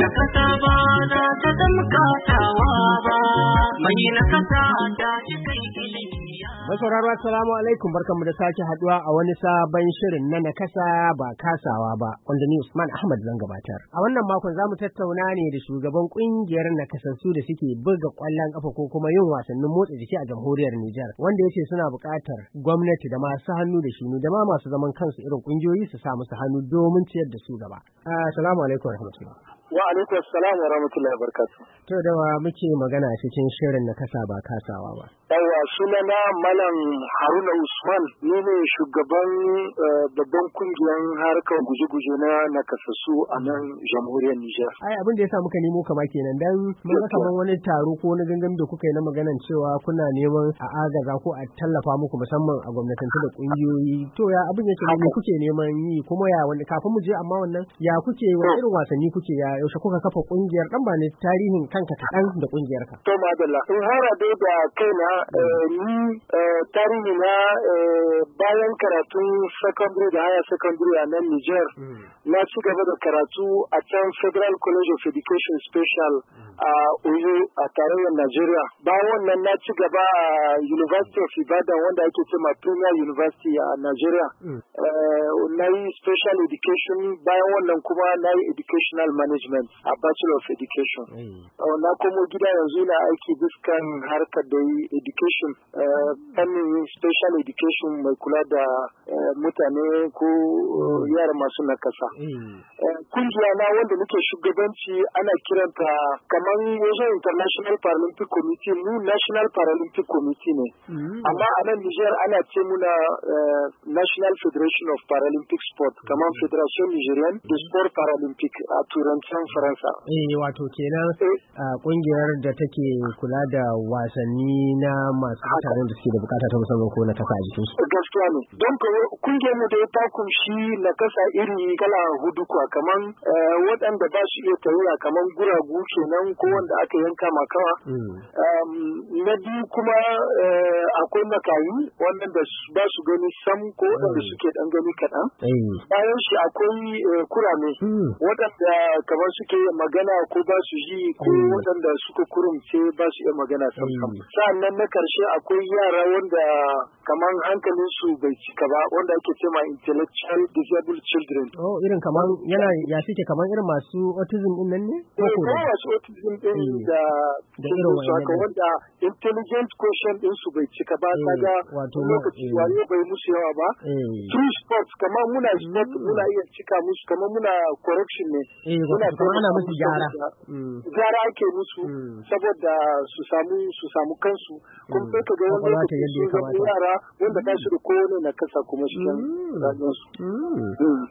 na kasa ba za ta zama ba mai na kasa da kai Masauraro assalamu alaikum barkanmu da sake haduwa a wani sabon shirin na nakasa ba kasawa ba wanda ni Usman Ahmad zan gabatar. A wannan makon zamu tattauna ne da shugaban kungiyar nakasassu da suke buga kwallon kafa ko kuma yin wasannin motsa jiki a jamhuriyar Nijar wanda yace suna buƙatar gwamnati da masu hannu da shinu da ma masu zaman kansu irin kungiyoyi su sa musu hannu domin ciyar da su gaba. Assalamu alaikum warahmatullahi Wa alaikum assalam wa rahmatullahi barkatu. To da wa muke magana cikin shirin na kasa ba kasawa ba. Yawa sunana Malam Haruna Usman ni ne shugaban eh, babban kungiyar harkar guje-guje na nakasassu a nan jamhuriyar Nijar. Ai abin da ya sa muka nemo kama kenan dan mun ga kamar wani taro ko wani gangan da kuka yi na maganan cewa kuna neman a agaza ko a tallafa muku musamman a gwamnatin da kungiyoyi. To ya abin ce ne kuke neman yi kuma ya wani kafin mu je amma wannan ya kuke wani irin wasanni kuke ya yaushe kuka kafa kungiyar dan ba ne tarihin kanka kaɗan da kungiyar ka. To madalla in har da kaina eh, ni eh, tarihi na eh, bayan karatun secondary da higher secondary a nan Niger, hmm. na ci gaba da karatu a can Federal College of Education Special a Oyo a tarayyar Najeriya. Bayan wannan na ci gaba a University of Ibadan wanda ake cema Premier University a Najeriya. Hmm. Eh, na yi special education bayan wannan kuma na yi educational management a Bachelor of Education. Eh, na komo gida yanzu na aiki biskan harkar da yi education, eh, fannin special education mai kula da eh, mutane ko eh, yara masu nakasa. Mm. Eh, kungiya na wanda muke shugabanci ana kiranta kamar yanzu International Paralympic Committee mu National Paralympic Committee ne. Mm. Amma a nan Nijar ana ce muna National Federation of Paralympic Sport kamar mm. Federation Nigerian de Sport Paralympic a turancin Faransa. Eh wato kenan kungiyar da take kula da wasanni na masu mutanen da suke da bukata ta musamman ko na tafa a jikinsu. gaskiya ne don ka kungiyar mu dai ta kunshi na kasa iri kala hudu kuwa kaman eh, waɗanda ba su iya tafiya kaman guragu kenan ko wanda aka yanka makawa hmm. na biyu kuma eh, akwai makayi wannan da ba su gani sam ko waɗanda hmm. suke ɗan gani kaɗan eh. bayan shi akwai kurame hmm. waɗanda kamar suke magana ko ba su ji ko waɗanda suka kurumce ba su iya magana sam sam sa'annan na karshe akwai yara wanda kaman hankalin su bai cika ba wanda ake cema intellectual disability children. Oh, irin kamar yana ya suke kamar irin masu autism din nan ne? Eh, ko ko da masu autism din eh, da da irin wannan wanda intelligent question din su bai cika ba eh, kaga lokaci wani bai musu yawa ba. True sports kamar muna hmm. sport muna iya cika musu kamar muna correction ne. Muna kuma ana musu gyara. Hmm. Gyara ake musu hmm. saboda su samu su samu kansu kuma sai ka ga wani lokaci sun zama yara wanda ka shi da kowane na kasa kuma shi rayuwarsu.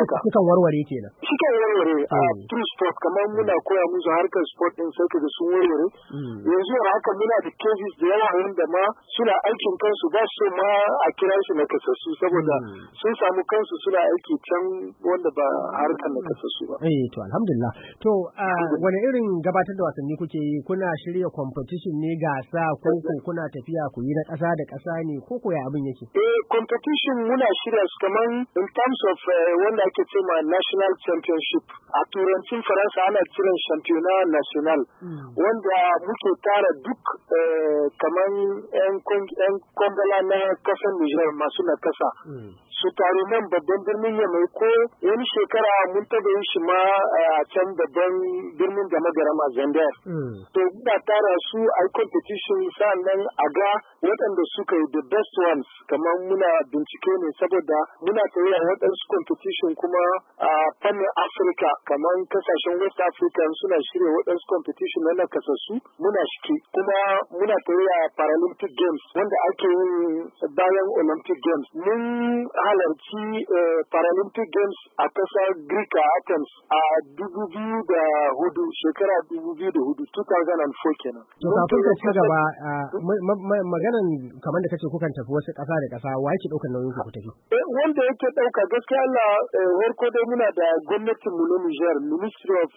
haka sukan warware kenan sukan warware a hmm. true sport kamar muna koya musu harkar sport din sai kaga sun warware hmm. yanzu haka muna da cases da yawa wanda ma suna aikin kansu ba su ma a kira shi na kasassu saboda hmm. sun samu kansu suna aiki can wanda ba harkar na kasassu ba eh to alhamdulillah to wani irin gabatar da wasanni kuke yi kuna shirya competition ne gasa ko kuna tafiya ku yi na ƙasa da ƙasa ne ko ko ya abin yake eh competition muna shirya su kamar in terms of eh, wanda da ake ce ma national championship a turancin faransa ana kiran championnat national hmm. wanda muke tara duk eh, kamar yan kwangala na kasar nijar masu na kasa hmm. su taru nan babban birnin yamai ko wani shekara mun taɓa yin shi ma eh, a can babban birnin da magaram a zandar hmm. to muna tara su a competition nan a ga waɗanda suka yi the best ones kamar muna bincike ne saboda muna tsaye waɗansu competition kuma a fannin afirka kamar kasashen west africa suna shirya waɗansu competition na nakasassu muna shike kuma muna tsaye paralympic games wanda ake yin bayan olympic games mun halarci eh, Paralympic Games a kasar Greek a Athens a hudu shekara 2004 kenan. To kafin ka ci gaba eh, maganan kamar da kace kukan tafi wasu ƙasa da ƙasa wa yake ɗaukar nauyin ku tafi? Eh, wanda yake ɗauka gaskiya Allah warko dai muna da gwamnatin mu na Niger Ministry of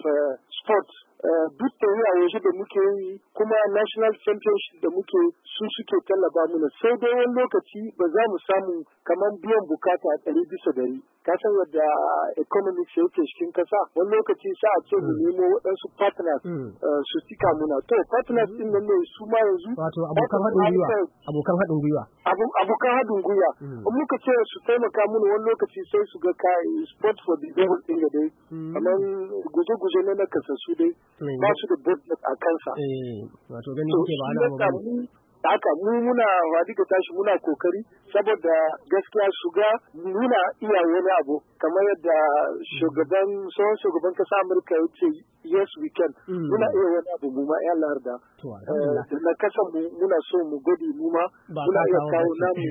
Sports? Eh, duk a yanzu da muke yi kuma national championship da muke su suke tallaba mana sai dai wani lokaci ba za mu samu kamar biyan bukata a ɗari bisa dari ka san yadda sai yake cikin kasa wani lokaci sa a ce mu hmm. nemo waɗansu partners hmm. eh, su cika muna to partners din hmm. nan ne su ma yanzu wato abokan haɗin gwiwa abokan haɗin gwiwa abokan haɗin gwiwa muka ce su taimaka mana wani lokaci sai su ga kai sport for the devil din da dai kamar guje-guje ne na su dai Eh. ba su da business a kansa eh, wato gani kuke ba ana ba haka mu muna ga tashi muna kokari saboda gaskiya shuga nuna iya wani abu kamar yadda shugaban tsohon shugaban kasa amurka ya ce yes we can hmm. muna iya wani abu mu ma yan larda eh, na kasa mu muna so mu gudi mu ma muna iya kawo namu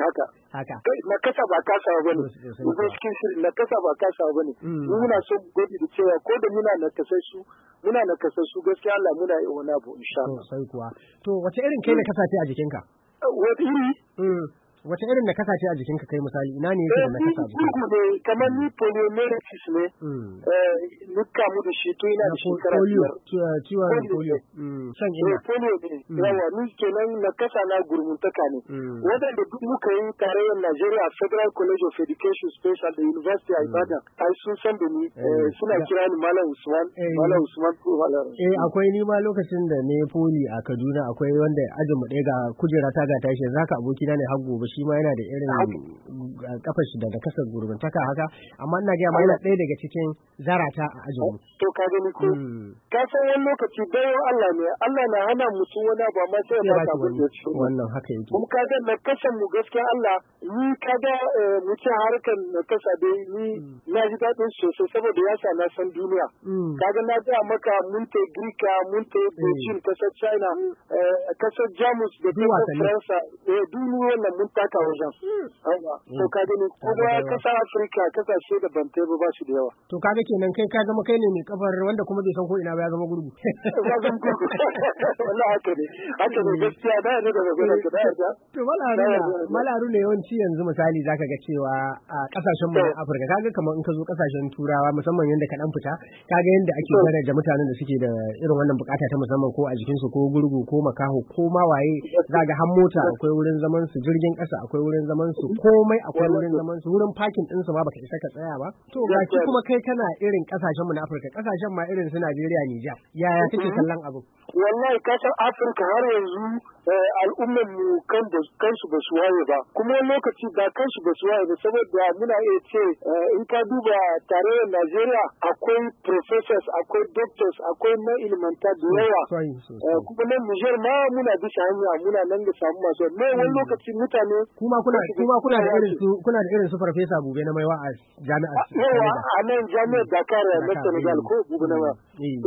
haka na kasa ba kasa ba ne ubangijin shirin na kasa ba kasa ba ne hmm. muna so mu gudi da cewa ko da muna na kasar su muna na kasar su gaskiya Allah muna iya wani abu insha Allah sai kuwa to wace irin kai na hmm. kasa a jikinka eh, wata iri wata irin nakasa ce a ka kai misali ina ne yake da eh, nakasa ba ne kamar ni poliomyelitis ne hmm. eh nuka mu da shi to ina da shekara biyar eh, ciwon polio san ina polio ne hmm. eh, hmm. yawa ni kenan nakasa na gurmuntaka ne wadanda duk muka yi tarayyar Najeriya Federal College of Education Special da University of Ibadan ai sun san da ni suna kira ni Malam Usman Malam Usman ko Malam eh akwai ni ma lokacin da ne poli a Kaduna akwai wanda ajin mu ɗaya ga kujera ta ga tashi zaka aboki na ne har gobe shi ma yana da irin kafar shi daga kasar gurbantaka haka amma ina gaya ma yana ɗaya daga cikin zarata a ajin to ka gani ko hmm. ka san wani lokaci bayan Allah ne Allah na hana mutum wani abu amma sai ya ka wannan haka yake kuma ka ga na kasan mu gaskiya Allah ni ka ga eh, mutum harkan na kasa dai ni hmm. na ji daɗin sosai saboda ya sa na san duniya hmm. ka ga na a maka mun ta Girka mun ta Beijing kasar China kasar eh, Jamus da kasar Faransa eh, duniya wannan mun ta bukata wajen. To ka gani hmm. kuma kasa Afirka kasashe da ban tebo ba shi da yawa. To kaga kenan kai ka zama kai ne mai kafar wanda kuma bai san ko ina ba ya zama gurgu. Ya zama gurgu. Wallahi haka ne. Haka ne gaskiya da ne da magana ka da yarda. To malaru ne yawanci yanzu misali zaka ga cewa a kasashen mu Afirka kaga kamar in ka zo kasashen Turawa musamman yanda ka dan fita kaga yanda ake daraja mutanen da suke da irin wannan bukata ta musamman ko a jikinsu ko gurgu ko makaho ko mawaye waye zaga har mota akwai wurin zaman su jirgin ƙasa akwai wurin zaman su komai akwai wurin zaman su wurin parking din su ma baka isa ka tsaya ba to ga shi kuma kai kana irin kasashen mu na Afirka kasashen ma irin su Najeriya Niger yaya kake mm-hmm. kallon abu wallahi kasar Afirka har yanzu Eh, al'ummar mu kan kansu ba su waye ba kuma lokaci da kansu ba su waye ba saboda muna iya ce eh, in ka duba tarayyar Najeriya akwai professors akwai doctors akwai ilimanta da mm, yawa eh, kuma nan Niger ma muna bisa hanya muna nan da samu masu ne wani mm. lokaci mutane kuma kuna kuma kuna da irin su kuna da irin su farfesa Bube na Maiwa a jami'ar ah, yawa a nan jami'ar mm. Dakar na Senegal ko Bube na Maiwa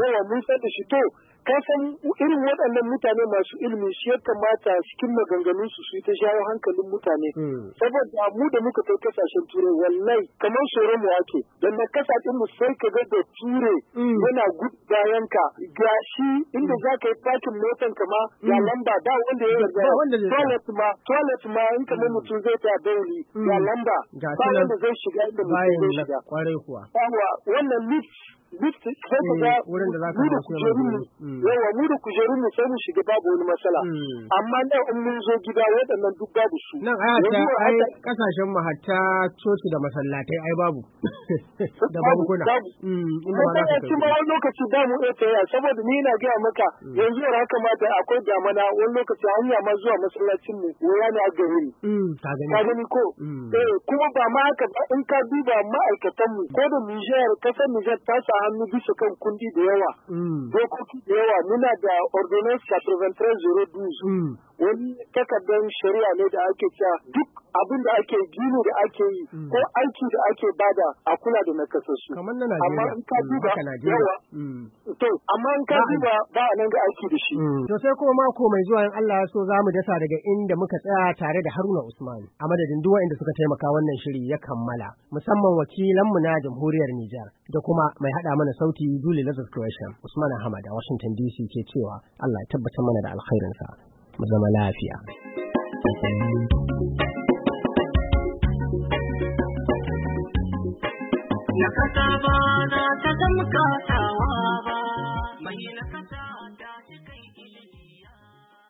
yawa mun san da shi to ka san irin waɗannan mutane masu ilimi shi kamata cikin maganganun su su yi ta shawo hankalin mutane hmm. saboda mu da muka kai kasashen turai wallai kamar soro mu ake Don na kasashen mu sai ka ga da ture hmm. yana gud bayan ka gashi inda hmm. za ka yi fatin motan ka ma ga lamba ba wanda ya yarda toilet ma toilet ma in ka mutum zai ta dauri ga lamba ba wanda zai shiga inda mutum zai shiga duk eh, sai mu ga wurin da zaka mu yawa hmm. mu da kujerun mu sai mu shiga babu wani matsala hmm. amma nan in mun zo gida waɗannan duk babu su nan hatta ai kasashen mu hatta coci da masallatai ai babu da babu kuna hmm, in ba za ka lokaci ba mu ɗaya tayar saboda ni na gaya maka yanzu har haka ma da akwai damana wani lokaci hanya ma zuwa masallacin mu waya ne a gare ni ka gani ko eh, kuma ba ma haka in ka duba ma'aikatan mu ko da Nijar kasar Nijar ta sa hannu bisa kan kundi da yawa mm. dokoki da yawa muna da ordinance 93012 mm. wani takardar shari'a ne da ake cewa duk abin da ake gini da ake yi hmm. ko aiki da ake bada a kula da nakasassu. Kamar na Najeriya. Amma in ka hmm. duba yawa. Hmm. To amma in ka duba ba a nan ga aiki da shi. To sai kuma mako mai zuwa in Allah ya so za mu dasa daga inda muka tsaya tare da Haruna Usman a madadin duk waɗanda suka taimaka wannan shiri ya kammala musamman wakilanmu na jamhuriyar Nijar da kuma mai haɗa mana sauti Julie Lazarus Usman Ahmad a Washington DC ke cewa Allah ya tabbatar mana da alkhairinsa. mu zama lafiya na kasa ba na ta zama kasawa